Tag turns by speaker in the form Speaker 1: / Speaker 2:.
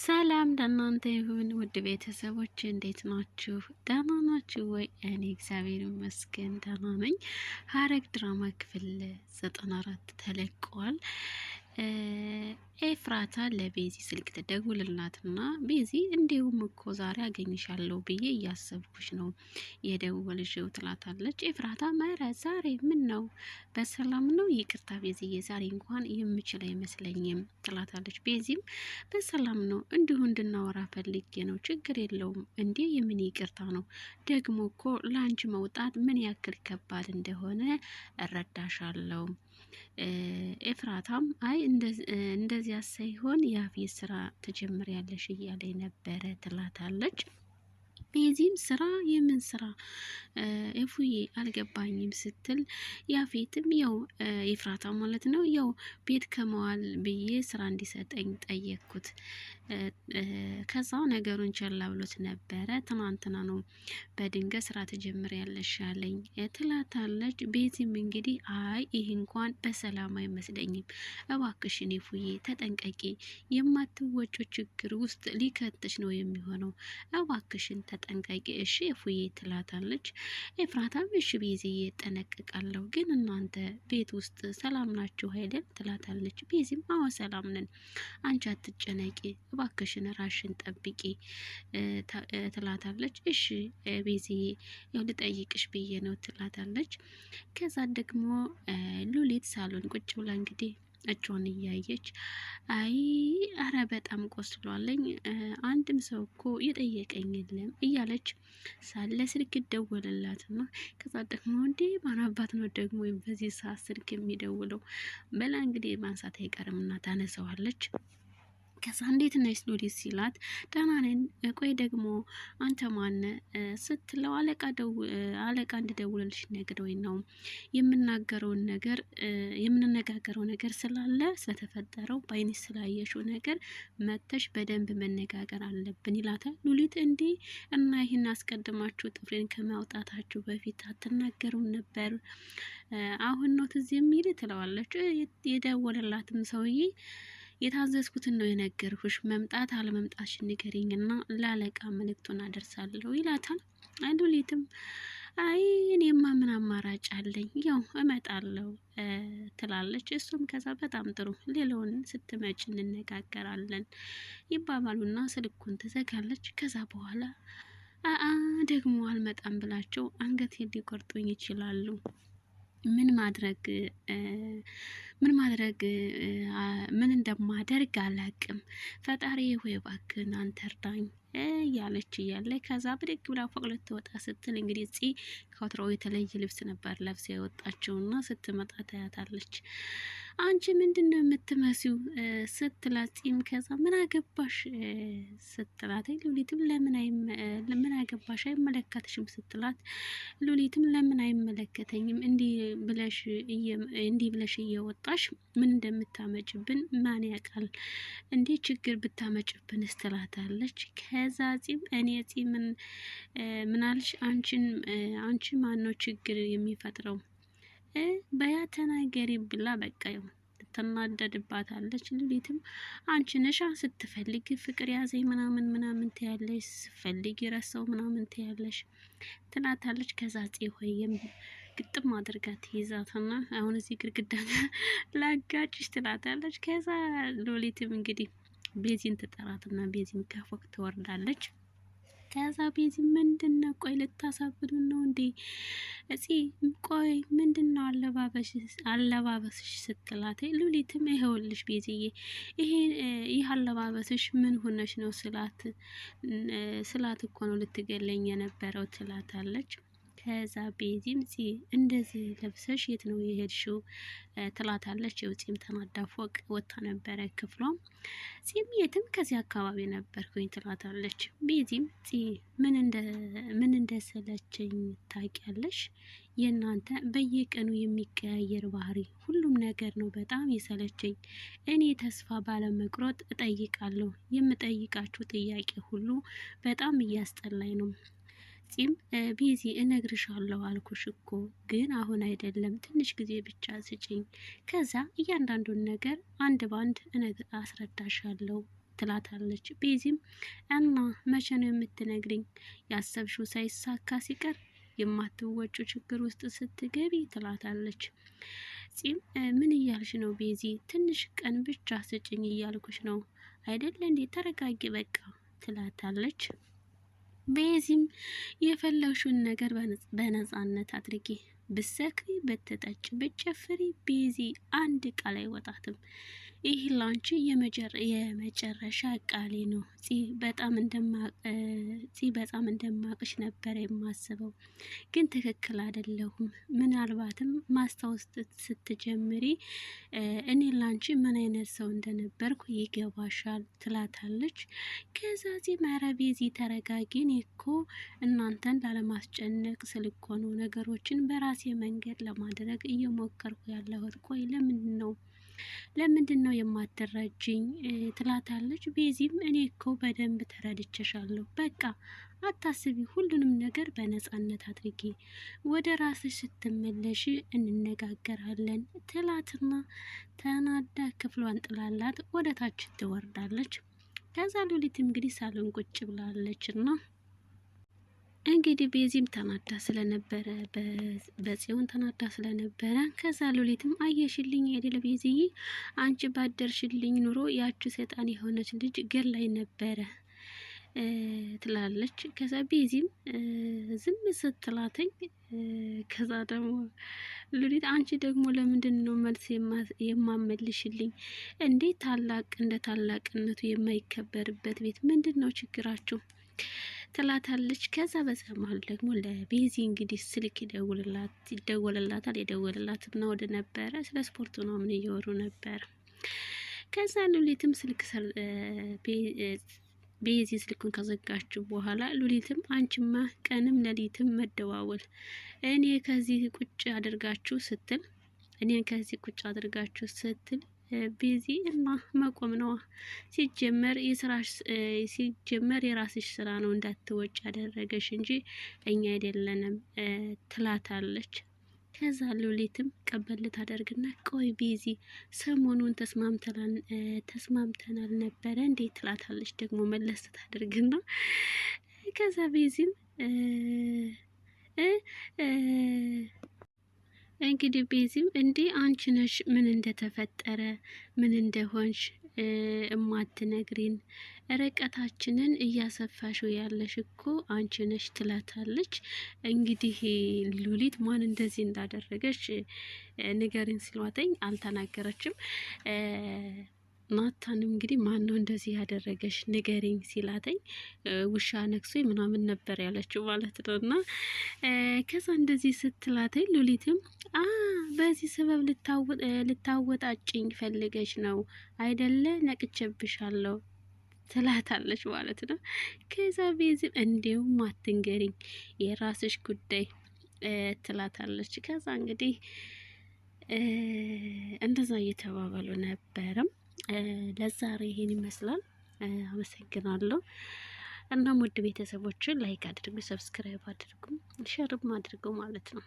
Speaker 1: ሰላም ለእናንተ ይሁን ውድ ቤተሰቦች፣ እንዴት ናችሁ? ደህና ናችሁ ወይ? እኔ እግዚአብሔር ይመስገን ደህና ነኝ። ሐረግ ድራማ ክፍል ዘጠና አራት ተለቋል። ኤፍራታ ለቤዚ ስልክ ትደውልላትና ቤዚ እንዲሁም እኮ ዛሬ አገኝሻለሁ ብዬ እያሰብኩሽ ነው የደወልሽው ትላታለች። ኤፍራታ መረ ዛሬ ምን ነው በሰላም ነው? ይቅርታ ቤዚዬ ዛሬ እንኳን የምችል አይመስለኝም ትላታለች። ቤዚም በሰላም ነው እንዲሁ እንድናወራ ፈልጌ ነው። ችግር የለውም እንዴ የምን ይቅርታ ነው ደግሞ እኮ ለአንቺ መውጣት ምን ያክል ከባድ እንደሆነ እረዳሻለሁ ኤፍራታም አይ እንደዚያ ሳይሆን የአፌ ስራ ትጀምሪያለሽ እያለ ነበረ ትላታለች። ቤዚም ስራ የምን ስራ እፉዬ አልገባኝም ስትል ያፌትም ያው ይፍራታ ማለት ነው ያው ቤት ከመዋል ብዬ ስራ እንዲሰጠኝ ጠየቅኩት። ከዛው ነገሩን ቸላ ብሎት ነበረ። ትናንትና ነው በድንገት ስራ ትጀምር ያለሽ ትላታለች። ቤዚም እንግዲህ አይ ይህ እንኳን በሰላም አይመስለኝም፣ እባክሽን እፉዬ ተጠንቀቂ፣ የማትወጪው ችግር ውስጥ ሊከተሽ ነው የሚሆነው፣ እባክሽን ተጠ ተጠንቀቂ እሺ እፉዬ ትላታለች። ኤፍራታም እሺ ቤዛ እጠነቀቃለሁ፣ ግን እናንተ ቤት ውስጥ ሰላም ናችሁ አይደል? ትላታለች። ቤዚም አዎ ሰላም ነን፣ አንቺ አትጨነቂ፣ እባክሽን ራሽን ጠብቂ ትላታለች። እሺ ቤዝዬ ያው ልጠይቅሽ ብዬ ነው ትላታለች። ከዛ ደግሞ ሉሊት ሳሎን ቁጭ ብላ እንግዲህ እጇን እያየች አይ አረ በጣም ቆስሏለኝ አንድም ሰው እኮ የጠየቀኝ የለም እያለች ሳለ ስልክ ይደወልላትና ከዛ ደግሞ እንዴ ማናባት ነው ደግሞ ወይም በዚህ ሰዓት ስልክ የሚደውለው በላ እንግዲህ ማንሳት አይቀርምና ታነሰዋለች። ከዛ እንዴት ነሽ ሉሊ ሲላት ደህና ነኝ። ቆይ ደግሞ አንተ ማነ ስትለው አለቃ ደው አለቃ እንድደውልልሽ ነግረው ነው የምናገረውን ነገር የምንነጋገረው ነገር ስላለ ስለተፈጠረው በአይን ስላየሽው ነገር መተሽ በደንብ መነጋገር አለብን ይላታል። ሉሊት እንዲህ እና ይህን አስቀድማችሁ ጥፍሬን ከማውጣታችሁ በፊት አትናገሩም ነበር አሁን ነው ትዝ የሚል ትለዋለች። የደወለላትም ሰውዬ የታዘዝኩትን ነው የነገርኩሽ፣ መምጣት አለመምጣትሽን ንገሪኝና ላለቃ መልእክቱን አደርሳለሁ ይላታል። አዱሊትም አይ እኔማ ምን አማራጭ አለኝ ያው እመጣለሁ ትላለች። እሱም ከዛ በጣም ጥሩ ሌላውን ስትመጭ እንነጋገራለን ይባባሉና ስልኩን ትዘጋለች። ከዛ በኋላ አአ ደግሞ አልመጣም ብላቸው አንገት ሊቆርጡኝ ይችላሉ። ምን ማድረግ ምን ማድረግ ምን እንደማደርግ አላቅም። ፈጣሪ ሆይ እባክህን አንተ እርዳኝ እያለች እያለ ከዛ ብድግ ብላ ፎቅ ልትወጣ ስትል እንግዲህ ጽ ከወትሮው የተለየ ልብስ ነበር ለብሳ የወጣችውና ስትመጣ ታያታለች። አንቺ ምንድን ነው የምትመሲው ስትላት ጺም ከዛ ምን አገባሽ ስትላት ሉሊትም ለምን አገባሽ አይመለከትሽም ስትላት ሉሊትም ለምን አይመለከተኝም እንዲህ ብለሽ እንዲህ ብለሽ እየወጣሽ ምን እንደምታመጭብን ማን ያውቃል እንዴ ችግር ብታመጭብን ስትላታለች። ከዛ ጺም እኔ ጺምን ምናልሽ አንቺን አንቺ ማን ነው ችግር የሚፈጥረው በያ ተናገሪ ብላ በቃ ይሁን ትናደድባታለች። ሉሊትም አንቺ ነሻ ስትፈልግ ፍቅር ያዘኝ ምናምን ምናምን ትያለሽ፣ ስትፈልግ ይረሳው ምናምን ትያለሽ ትላታለች። ከዛ ጽ ሆይም ግጥም አድርጋ ትይዛትና አሁን እዚህ ግርግዳ ላጋጭሽ ትላታለች። ከዛ ሎሊትም እንግዲህ ቤዚን ትጠራትና ቤዚን ከፎቅ ትወርዳለች። ከዛ ቤዚ ምንድን ነው? ቆይ ልታሳብዱ ነው እንዴ? እጺ ቆይ ምንድን ነው አለባበስሽ ስትላት ሉሊትም ይኸውልሽ ቤዚዬ ይሄ ይህ አለባበስሽ ምን ሆነሽ ነው ስላት ስላት እኮ ነው ልትገለኝ የነበረው ትላታለች። ከዛ ቤዚም ጺ እንደዚህ ለብሰሽ የት ነው የሄድሽው? ትላታለች። ያው ጺም ተናዳ ፎቅ ወጥታ ነበረ ክፍሏ። ፂም የትም ከዚህ አካባቢ ነበርኩኝ ትላታለች። ቤዚም ጺ ምን እንደ ምን እንደሰለቸኝ ታውቂያለሽ? የእናንተ በየቀኑ የሚቀያየር ባህሪ ሁሉም ነገር ነው በጣም የሰለቸኝ። እኔ ተስፋ ባለመቁረጥ እጠይቃለሁ። የምጠይቃችሁ ጥያቄ ሁሉ በጣም እያስጠላኝ ነው። ጺም ቢዚ እነግርሻለሁ አልኩሽ እኮ ግን አሁን አይደለም፣ ትንሽ ጊዜ ብቻ ስጭኝ፣ ከዛ እያንዳንዱን ነገር አንድ በአንድ አስረዳሻለሁ ትላታለች። ቤዚም እና መቼ ነው የምትነግሪኝ? ያሰብሽው ሳይሳካ ሲቀር የማትወጩ ችግር ውስጥ ስትገቢ ትላታለች። ጺም ምን እያልሽ ነው ቤዚ? ትንሽ ቀን ብቻ ስጭኝ እያልኩሽ ነው አይደለ እንዴ? ተረጋጊ በቃ ትላታለች። በዚህም የፈለግሽውን ነገር በነጻነት አድርጊ። ብሰክሪ፣ ብትጠጭ፣ ብጨፍሪ ቤዚ አንድ ቃል አይወጣትም። ይህ ላንቺ የመጨረሻ ቃሌ ነው። በጣም በጣም እንደማቅሽ ነበር የማስበው፣ ግን ትክክል አይደለሁም። ምናልባትም ማስታወስ ስትጀምሪ እኔ ላንቺ ምን አይነት ሰው እንደነበርኩ ይገባሻል ትላታለች። ከዛ ፂ መረቤ ተረጋጊን፣ እኮ እናንተን ላለማስጨነቅ ስልኮኑ ነገሮችን በራሴ መንገድ ለማድረግ እየሞከርኩ ያለሁት። ቆይ ለምንድን ነው ለምንድን ነው የማደራጅኝ ትላታለች። ቤዚም እኔ እኮ በደንብ ተረድቸሻለሁ። በቃ አታስቢ፣ ሁሉንም ነገር በነጻነት አድርጊ፣ ወደ ራስሽ ስትመለሽ እንነጋገራለን ትላትና ተናዳ ክፍሏን ጥላላት ወደ ታች ትወርዳለች። ከዛ ሉሊት እንግዲህ ሳሎን ቁጭ ብላለች እና እንግዲህ ቤዚም ተናዳ ስለነበረ በጽዮን ተናዳ ስለነበረ ከዛ ሉሊትም አየሽልኝ አይደለ ቤዝዬ፣ አንቺ ባደርሽልኝ ኑሮ ያቺ ሰይጣን የሆነች ልጅ ገር ላይ ነበረ ትላለች። ከዛ ቤዚም ዝም ስትላተኝ፣ ከዛ ደግሞ ሉሊት አንቺ ደግሞ ለምንድን ነው መልስ የማመልሽልኝ? እንዴት ታላቅ እንደ ታላቅነቱ የማይከበርበት ቤት ምንድን ነው ችግራችሁ? ትላታለች። ከዛ በዛ መሀል ደግሞ ለቤዚ እንግዲህ ስልክ ይደውልላት ይደወልላታል የደወልላትና ወደ ነበረ ስለ ስፖርቱ ነው ምን እያወሩ ነበር። ከዛ ሉሊትም ስልክ ቤዚ ስልኩን ከዘጋችሁ በኋላ ሉሊትም አንቺማ ቀንም ለሊትም መደዋወል እኔ ከዚህ ቁጭ አድርጋችሁ ስትል እኔን ከዚህ ቁጭ አድርጋችሁ ስትል ቢዚ እና መቆም ነዋ። ሲጀመር የስራሽ ሲጀመር የራስሽ ስራ ነው እንዳትወጭ ያደረገሽ እንጂ እኛ አይደለንም ትላታለች። ከዛ ሉሊትም ቀበል ታደርግና ቆይ ቢዚ ሰሞኑን ተስማምተናል ተስማምተናል ነበረ እንዴት ትላታለች። ደግሞ መለስ ታደርግና ከዛ ቢዚም እንግዲህ ቤዚም እንዴ አንቺ ነሽ ምን እንደተፈጠረ ምን እንደሆንሽ እማትነግሪን ርቀታችንን እያሰፋሽው ያለሽ እኮ አንቺ ነሽ ትላታለች። እንግዲህ ሉሊት ማን እንደዚህ እንዳደረገች ንገሪን ሲሏተኝ አልተናገረችም። ማታን እንግዲህ ማን ነው እንደዚህ ያደረገሽ ንገሪኝ ሲላተኝ ውሻ ነክሶ ምናምን ነበር ያለችው ማለት ነው። እና ከዛ እንደዚህ ስትላተኝ ሉሊትም አ በዚህ ሰበብ ልታወጣጭኝ ፈልገሽ ነው አይደለ? ነቅቼብሻለሁ ትላታለች ማለት ነው። ከዛ ቤዝም እንዲሁም አትንገሪኝ የራስሽ ጉዳይ ትላታለች። ከዛ እንግዲህ እንደዛ እየተባባሉ ነበርም። ለዛሬ ይሄን ይመስላል። አመሰግናለሁ። እናም ውድ ቤተሰቦችን ላይክ አድርጉ፣ ሰብስክራይብ አድርጉ፣ ሸርም አድርጉ ማለት ነው።